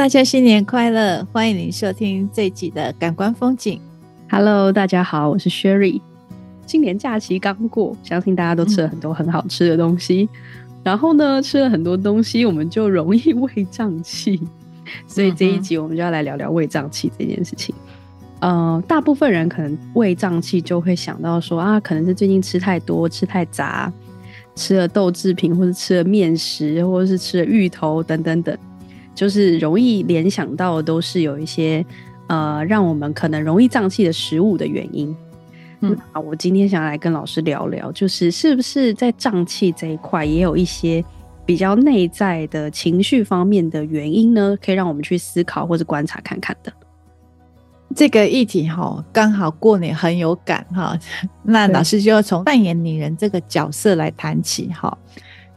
大家新年快樂！歡迎您收聽這一集的感官風景。Hello，大家好，我是 Sherry。今年假期剛過，相信大家都吃了很多很好吃的東西。嗯、然後呢，吃了很多東西，我們就容易胃脹氣。嗯、哼所以這一集我們就要來聊聊胃脹氣這件事情。呃，大部分人可能胃脹氣就會想到說啊，可能是最近吃太多、吃太雜，吃了豆製品，或者吃了麵食，或者是吃了芋頭等等等。就是容易聯想到的都是有一些呃，讓我們可能容易脹氣的食物的原因。嗯，好，我今天想來跟老師聊聊，就是是不是在脹氣這一塊也有一些比較內在的情緒方面的原因呢？可以讓我們去思考或者觀察看看的。這個議題哈，剛好過年很有感哈，那老師就要從扮演女人這個角色來談起哈。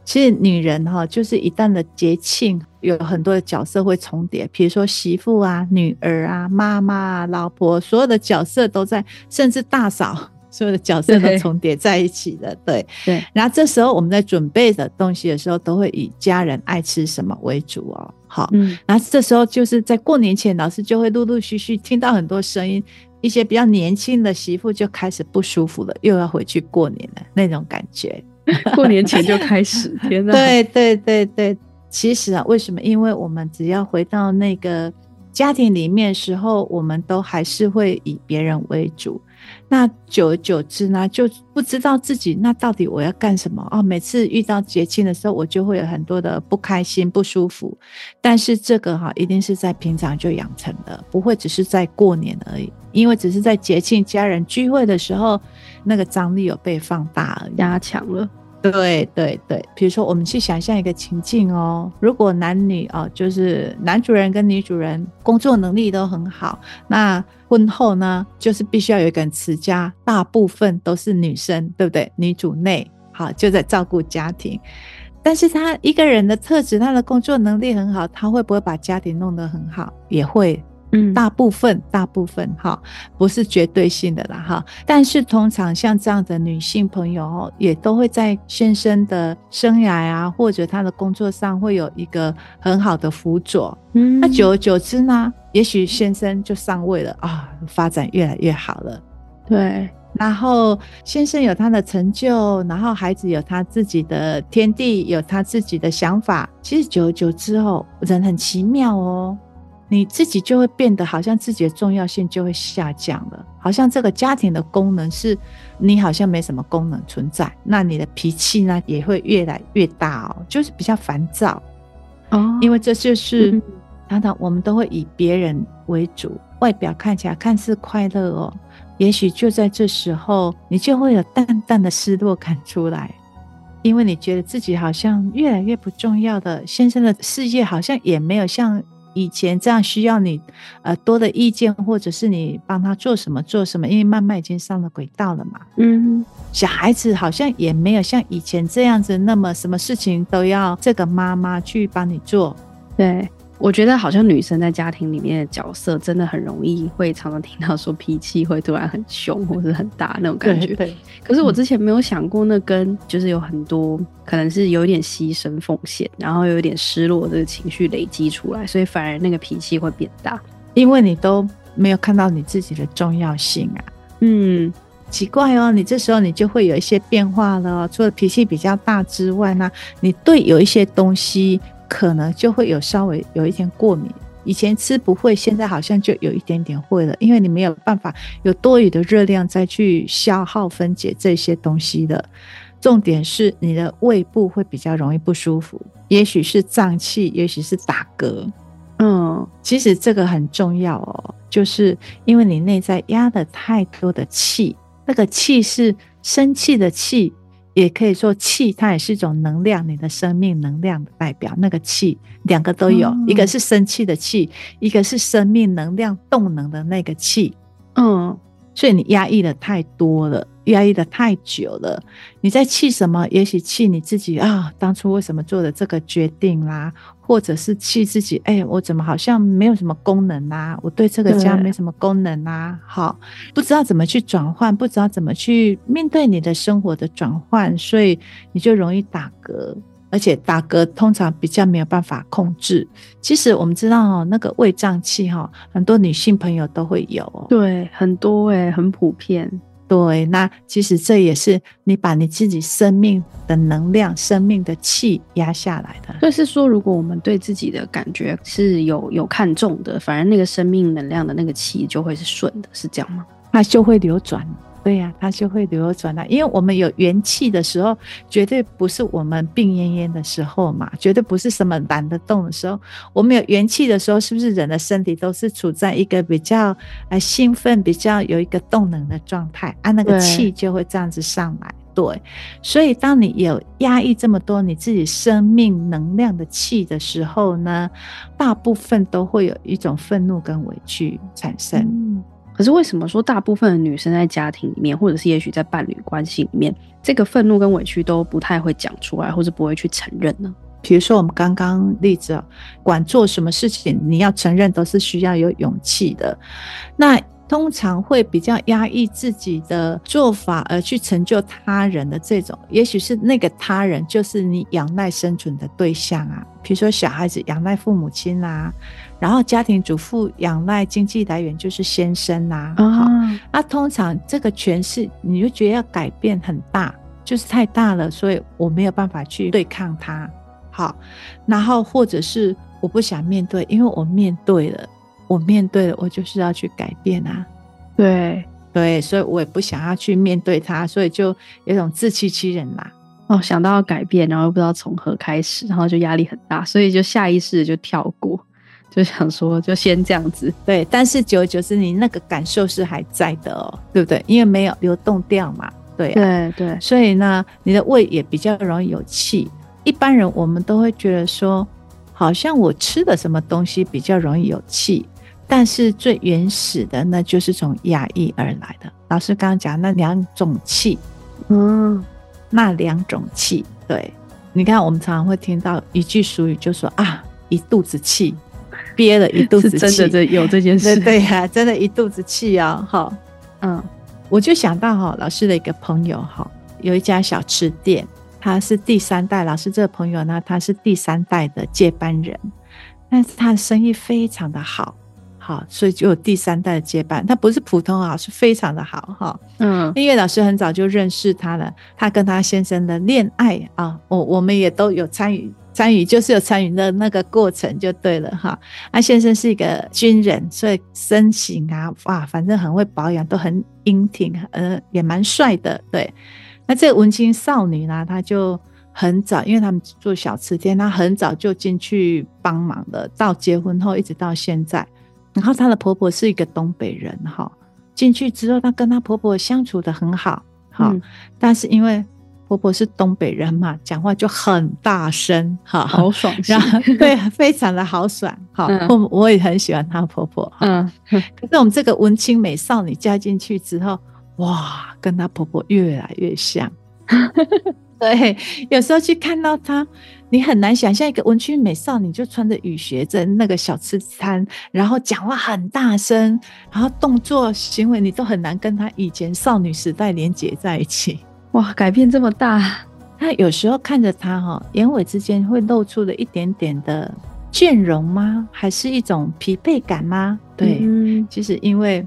其實女人哈，就是一旦的節慶，有很多的角色會重疊，比如說媳婦啊、女兒啊、媽媽啊、老婆，所有的角色都在，甚至大嫂，所有的角色都重疊在一起的。對對。對。然後這時候我們在準備的東西的時候，都會以家人愛吃什麼為主哦、喔。好，嗯，然後這時候就是在過年前，老師就會陸陸續續聽到很多聲音，一些比較年輕的媳婦就開始不舒服了，又要回去過年了，那種感覺。 過年前就開始， 天哪。對對對對，其實啊，為什麼？因為我們只要回到那個家庭裡面時候，我們都還是會以別人為主。那久而久之呢，就不知道自己那到底我要幹什麼哦。每次遇到節慶的時候，我就會有很多的不開心、不舒服。但是這個哈，一定是在平常就養成的，不會只是在過年而已。因為只是在節慶、家人聚會的時候，那個張力有被放大而壓強了。對對對，比如說我們去想象一個情境哦，如果男女哦、啊，就是男主人跟女主人工作能力都很好，那婚後呢，就是必須要有一個人持家，大部分都是女生，對不對？女主內，好，就在照顧家庭，但是他一個人的特質，他的工作能力很好，他會不會把家庭弄得很好？也會。嗯，大部分大部分哈，不是絕對性的啦哈。但是通常像這樣的女性朋友哦，也都會在先生的生涯啊，或者他的工作上會有一個很好的輔佐。嗯，那久而久之呢，也許先生就上位了啊，發展越來越好了。對，然後先生有他的成就，然後孩子有他自己的天地，有他自己的想法。其實久而久之後，人很奇妙哦。你自己就會變得好像自己的重要性就會下降了，好像這個家庭的功能是你好像沒什麼功能存在，那你的脾氣呢，也會越來越大哦、喔，就是比較煩躁哦，因為這就是、嗯、哼常常我們都會以別人為主，外表看起來看似快樂哦、喔，也許就在這時候你就會有淡淡的失落感出來，因為你覺得自己好像越來越不重要的，先生的事業好像也沒有像。以前這樣需要你，呃，多的意見，或者是你幫他做什麼做什麼，因為慢慢已經上了軌道了嘛。嗯，小孩子好像也沒有像以前這樣子，那麼什麼事情都要這個媽媽去幫你做。對。我覺得好像女生在家庭裡面的角色真的很容易會常常聽到說，脾氣會突然很凶或者是很大那種感覺。對，可是我之前沒有想過那根，那跟就是有很多、嗯、可能是有一點犧牲奉獻，然後有一點失落的這個情緒累積出來，所以反而那個脾氣會變大。因為你都沒有看到你自己的重要性啊。嗯，奇怪哦，你這時候你就會有一些變化了，除了脾氣比較大之外呢、啊，你對有一些東西。可能就會有稍微有一點過敏，以前吃不會，現在好像就有一點點會了。因為你沒有辦法有多餘的熱量再去消耗分解這些東西的。重點是你的胃部會比較容易不舒服，也許是脹氣，也許是打嗝。嗯，其實這個很重要哦，就是因為你內在壓了太多的氣，那個氣是生氣的氣。也可以說氣，它也是一種能量，你的生命能量的代表。那個氣，兩個都有，嗯、一個是生氣的氣，一個是生命能量動能的那個氣。嗯。所以你壓抑的太多了，壓抑的太久了。你在氣什麼？也許氣你自己啊，當初為什麼做的這個決定啦、啊，或者是氣自己，哎、欸，我怎麼好像沒有什麼功能吶、啊？我對這個家沒什麼功能吶、啊，對好，不知道怎麼去轉換，不知道怎麼去面對你的生活的轉換，所以你就容易打嗝。而且打嗝通常比較沒有辦法控制。其實我們知道哈、喔，那個胃脹氣哈，很多女性朋友都會有、喔。對，很多誒、欸，很普遍。對，那其實這也是你把你自己生命的能量、生命的氣壓下來的。就是說，如果我們對自己的感覺是有有看重的，反而那個生命能量的那個氣就會是順的，是這樣嗎？那就會流轉。對呀、啊，它就會流轉來。因為我們有元氣的時候，絕對不是我們病懨懨的時候嘛，絕對不是什麼懶得動的時候。我們有元氣的時候，是不是人的身體都是處在一個比較呃興奮、比較有一個動能的狀態？啊，那個氣就會這樣子上來。對，對，所以當你有壓抑這麼多你自己生命能量的氣的時候呢，大部分都會有一種憤怒跟委屈產生。嗯可是為什麼說大部分的女生在家庭裡面，或者是也許在伴侶關係裡面，這個憤怒跟委屈都不太會講出來，或者不會去承認呢？比如說我們剛剛例子，管做什麼事情，你要承認都是需要有勇氣的。那通常會比較壓抑自己的做法，而去成就他人的這種，也許是那個他人就是你仰賴生存的對象啊。比如說小孩子仰賴父母親啊。然後家庭主婦仰賴經濟來源就是先生吶、啊，啊，好，那通常這個權勢你就覺得要改變很大，就是太大了，所以我沒有辦法去對抗它。好，然後或者是我不想面對，因為我面對了，我面對了，我就是要去改變啊，對對，所以我也不想要去面對它，所以就有種自欺欺人啦。哦，想到要改變，然後又不知道從何開始，然後就壓力很大，所以就下意識就跳過。就想說，就先這樣子對。但是久而久之，你那個感受是還在的、喔，哦，對不對？因為沒有流動掉嘛。對對、啊、對，對，所以呢，你的胃也比較容易有氣。一般人我們都會覺得說，好像我吃的什麼東西比較容易有氣。但是最原始的呢，就是從壓抑而來的。老師剛剛講那兩種氣，嗯，那兩種氣。對，你看我們常常會聽到一句俗語，就說啊，一肚子氣。憋了一肚子氣，真的，有這件事，對呀、啊，真的一肚子氣啊、喔！好，嗯，我就想到哈、喔，老師的一個朋友、喔，哈有一家小吃店，他是第三代。老師這個朋友呢，他是第三代的接班人，但是他的生意非常的好，好，所以就有第三代的接班。他不是普通啊、喔，是非常的好哈、喔。嗯，因為老師很早就認識他了，他跟他先生的戀愛啊，我、喔、我們也都有參與。參與就是有參與的那個過程就對了哈。那、啊、先生是一個軍人，所以身形啊，哇，反正很會保養，都很英挺，呃，也蠻帥的。對，那這個文青少女呢、啊，她就很早，因為他們做小吃店，她很早就進去幫忙了。到結婚後一直到現在，然後她的婆婆是一個東北人哈，進去之後她跟她婆婆相處的很好，好、嗯，但是因為。婆婆是東北人嘛，講話就很大聲，好豪爽，對，非常的豪爽，好，我、嗯、我也很喜歡她婆婆，嗯。可是我們這個文青美少女嫁進去之後，哇，跟她婆婆越來越像。 對，有時候去看到她，你很難想象一個文青美少女，就穿着雨鞋在那個小吃攤，然後講話很大聲，然後動作行為，你都很難跟她以前少女時代連結在一起。哇，改變這麼大！那有時候看着他哈，眼尾之間會露出了一點點的倦容嗎？還是一種疲憊感嗎？對，嗯，其實因為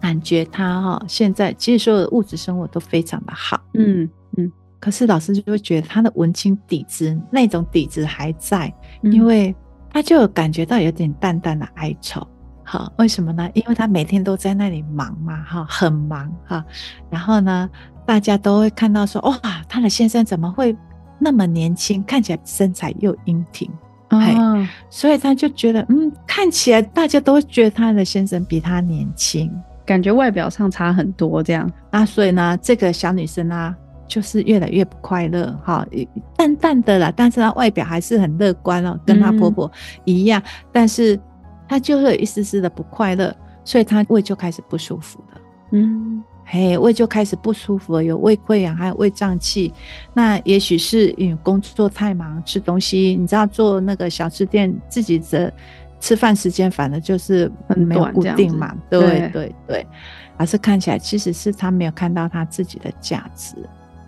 感覺他哈，現在其實所有的物質生活都非常的好，嗯嗯，嗯，可是老師就會覺得他的文青底子那種底子還在，因為他就感覺到有點淡淡的哀愁。好，為什麼呢？因為她每天都在那裡忙嘛，哈，很忙哈。然後呢，大家都會看到說，哇、哦，她的先生怎麼會那麼年輕？看起來身材又英挺，哎、哦，所以她就覺得，嗯，看起來大家都覺得她的先生比她年輕，感覺外表上差很多這樣。那所以呢，這個小女生啊，就是越來越不快樂，好，淡淡的啦，但是她外表還是很樂觀哦、喔，跟她婆婆一樣，嗯、但是。他就會有一絲絲的不快樂，所以他胃就開始不舒服了。嗯，嘿，hey, 胃就開始不舒服了，有胃潰瘍還有胃脹氣。那也許是因為工作太忙，吃東西，嗯、你知道做那個小吃店，自己的吃飯時間反而就是很沒有固定嘛。對對對，而是看起來其實是他沒有看到他自己的價值。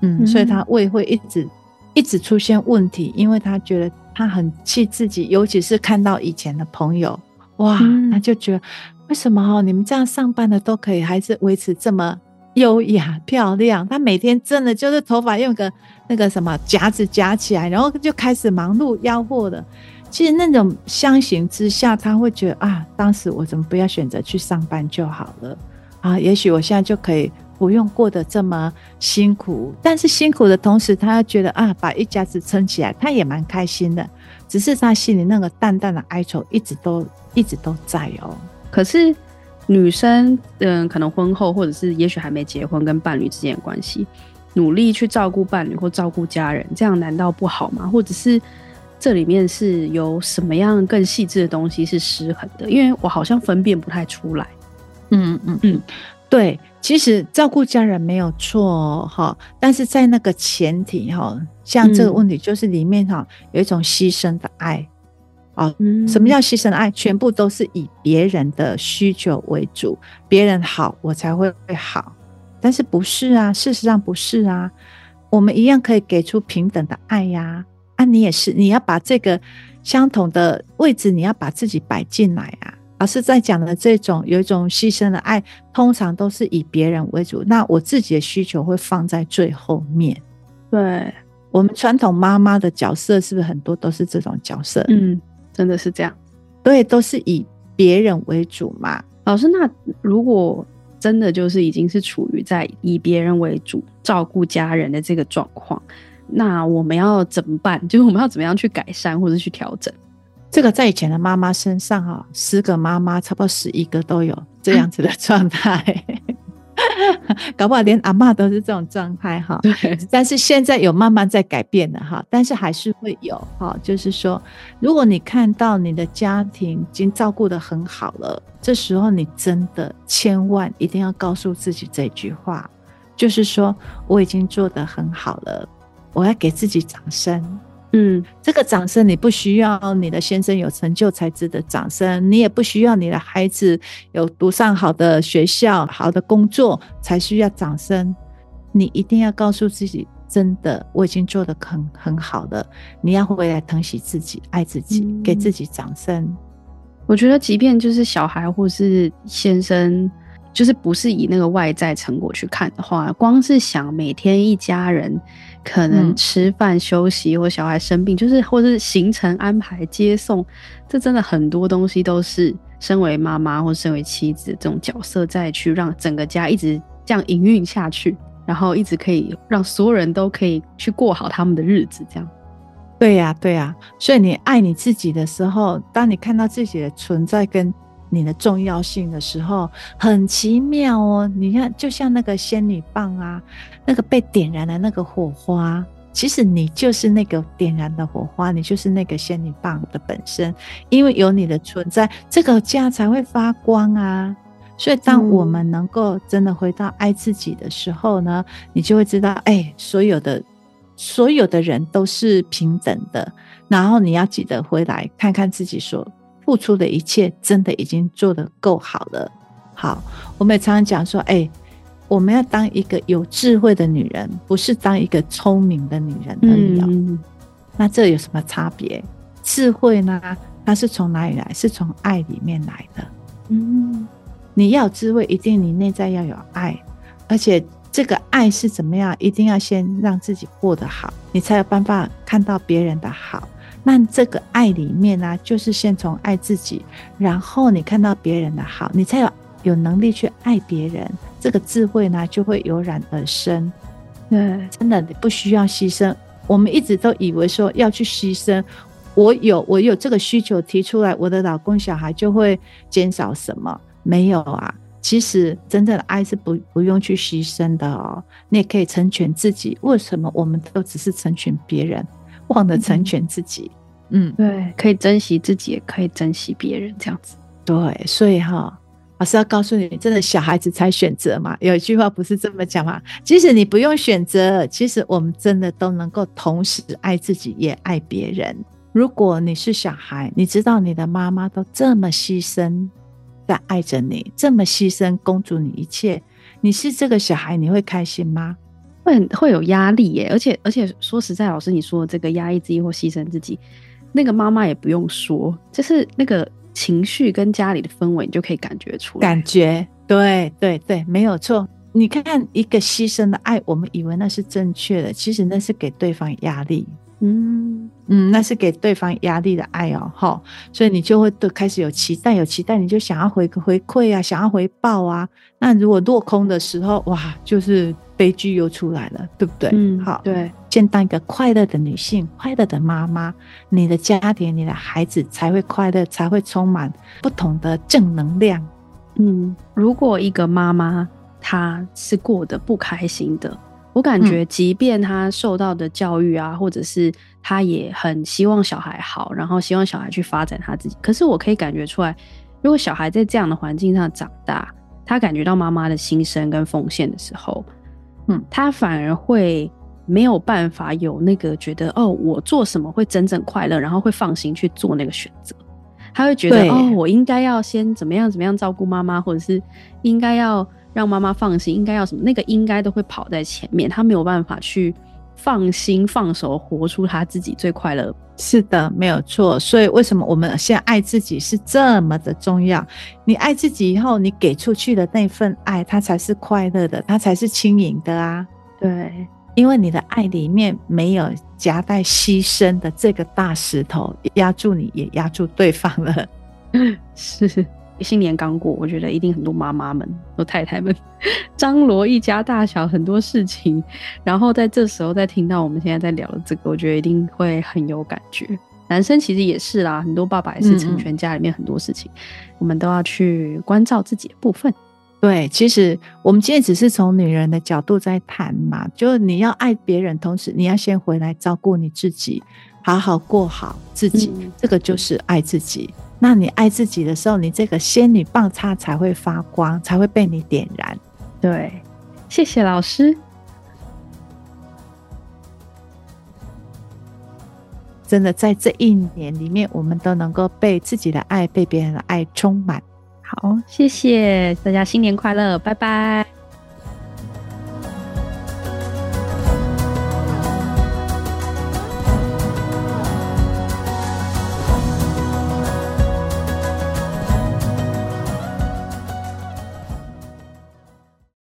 嗯，所以他胃會一直一直出現問題，因為他覺得他很氣自己，尤其是看到以前的朋友。哇，他就覺得、嗯、為什麼哈，你們這樣上班的都可以，還是維持這麼優雅漂亮？他每天真的就是頭髮用個那個什麼夾子夾起來，然後就開始忙碌吆喝了。其實那種相形之下，他會覺得啊，當時我怎麼不要選擇去上班就好了啊？也許我現在就可以不用過得這麼辛苦，但是辛苦的同時，他覺得啊，把一家子撐起來，他也蠻開心的。只是他心裡那個淡淡的哀愁一，一直都一直都在哦、喔。可是女生，嗯，可能婚後或者是也許還沒結婚，跟伴侶之間的關係，努力去照顧伴侶或照顧家人，這樣難道不好嗎？或者是這裡面是有什麼樣更細緻的東西是失衡的？因為我好像分辨不太出來。嗯嗯嗯。嗯嗯對，其實照顧家人沒有錯、哦，哈，但是在那個前提、哦，哈，像這個問題，就是裡面哈有一種犧牲的愛，啊、嗯哦，什麼叫犧牲的愛？全部都是以別人的需求為主，別人好我才會好，但是不是啊？事實上不是啊，我們一樣可以給出平等的愛呀、啊，啊，你也是，你要把這個相同的位置，你要把自己擺進來啊。老師在講的這種有一種犧牲的愛，通常都是以別人為主，那我自己的需求會放在最後面。對，我們傳統媽媽的角色是不是很多都是這種角色？嗯，真的是這樣，對，都是以別人為主嘛。老師，那如果真的就是已經是處於在以別人為主照顧家人的這個狀況，那我們要怎麼辦？就是我們要怎麼樣去改善或者去調整？這個在以前的媽媽身上哈，十個媽媽差不多十一個都有這樣子的狀態， 搞不好連阿嬤都是這種狀態哈。對，但是現在有慢慢在改變了。哈，但是還是會有哈，就是說，如果你看到你的家庭已經照顧得很好了，這時候你真的千萬一定要告訴自己這句話，就是說我已經做得很好了，我要給自己掌聲。嗯，這個掌聲你不需要，你的先生有成就才值得掌聲，你也不需要你的孩子有讀上好的學校、好的工作才需要掌聲。你一定要告訴自己，真的我已經做得很很好了。你要回來疼惜自己、愛自己，嗯、給自己掌聲。我覺得，即便就是小孩或是先生。就是不是以那個外在成果去看的話，啊，光是想每天一家人可能吃飯、休息或小孩生病，嗯、就是或是行程安排、接送，這真的很多東西都是身為媽媽或身為妻子這種角色再去讓整個家一直這樣營運下去，然後一直可以讓所有人都可以去過好他們的日子，這樣。對呀，啊，對呀，啊。所以你愛你自己的時候，當你看到自己的存在跟，你的重要性的時候，很奇妙哦？你看，就像那個仙女棒啊，那個被點燃的那個火花，其實你就是那個點燃的火花，你就是那個仙女棒的本身。因為有你的存在，這個家才會發光啊。所以，當我們能夠真的回到愛自己的時候呢，嗯、你就會知道，哎、欸，所有的所有的人都是平等的。然後，你要記得回來看看自己所付出的一切真的已經做得夠好了。好，我們也常常講說，哎、欸，我們要當一個有智慧的女人，不是當一個聰明的女人而已、喔。嗯、那這有什麼差別？智慧呢？它是從哪裡來？是從愛裡面來的。嗯，你要智慧，一定你內在要有愛，而且這個愛是怎麼樣？一定要先讓自己過得好，你才有辦法看到別人的好。那這個愛裡面呢，就是先從愛自己，然後你看到別人的好，你才有有能力去愛別人。這個智慧呢，就會油然而生。呃真的，你不需要犧牲。我們一直都以為說要去犧牲，我有我有這個需求提出來，我的老公小孩就會減少什麼？沒有啊。其實真正的愛是不不用去犧牲的哦，你也可以成全自己。為什麼我們都只是成全別人？忘得成全自己，嗯，嗯對，可以珍惜自己，也可以珍惜別人，這樣子，對，所以哈，老師要告訴你，你真的小孩子才選擇嘛。有一句話不是這麼講嗎？其實你不用選擇，其實我們真的都能夠同時愛自己，也愛別人。如果你是小孩，你知道你的媽媽都這麼犧牲在愛着你，這麼犧牲供足你一切，你是這個小孩，你會開心嗎？會有壓力耶，而且而且說實在，老師你說的這個壓抑自己或犧牲自己，那個媽媽也不用說，就是那個情緒跟家裡的氛圍，你就可以感覺出來。感覺。對對對，沒有錯。你看一個犧牲的愛，我們以為那是正確的，其實那是給對方壓力。嗯嗯，那是給對方壓力的愛哦，齁。所以你就會對開始有期待，有期待你就想要回回饋啊，想要回報啊。那如果落空的時候，哇，就是。悲劇又出來了，對不對？嗯，好，對。先當一個快樂的女性，快樂的媽媽，你的家庭、你的孩子才會快樂，才會充滿不同的正能量。嗯，如果一個媽媽她是過得不開心的，我感覺，即便她受到的教育啊，嗯、或者是她也很希望小孩好，然後希望小孩去發展她自己，可是我可以感覺出來，如果小孩在這樣的環境上長大，他感覺到媽媽的心聲跟奉獻的時候。他反而會沒有辦法有那個覺得哦，我做什麼會真正快樂，然後會放心去做那個選擇。他會覺得對哦，我應該要先怎麼樣怎麼樣照顧媽媽，或者是應該要讓媽媽放心，應該要什麼那個應該都會跑在前面，他沒有辦法去。放心放手，活出他自己最快樂。是的，沒有錯。所以為什麼我們現在愛自己是這麼的重要？你愛自己以後，你給出去的那份愛，它才是快樂的，它才是輕盈的啊！對，因為你的愛裡面沒有夾帶犧牲的這個大石頭壓住你，也壓住對方了。 是。新年剛過，我覺得一定很多媽媽們、都、太太們，張羅一家大小很多事情。然後在這時候再聽到我們現在在聊的這個，我覺得一定會很有感覺。男生其實也是啦，很多爸爸也是成全家裡面很多事情。嗯、我們都要去關照自己的部分。對，其實我們今天只是從女人的角度在談嘛，就是你要愛別人，同時你要先回來照顧你自己，好好過好自己，嗯、這個就是愛自己。那你愛自己的時候，你這個仙女棒它才會發光，才會被你點燃。對，謝謝老師。真的，在這一年裡面，我們都能夠被自己的愛、被別人的愛充滿。好，謝謝大家，新年快樂，拜拜。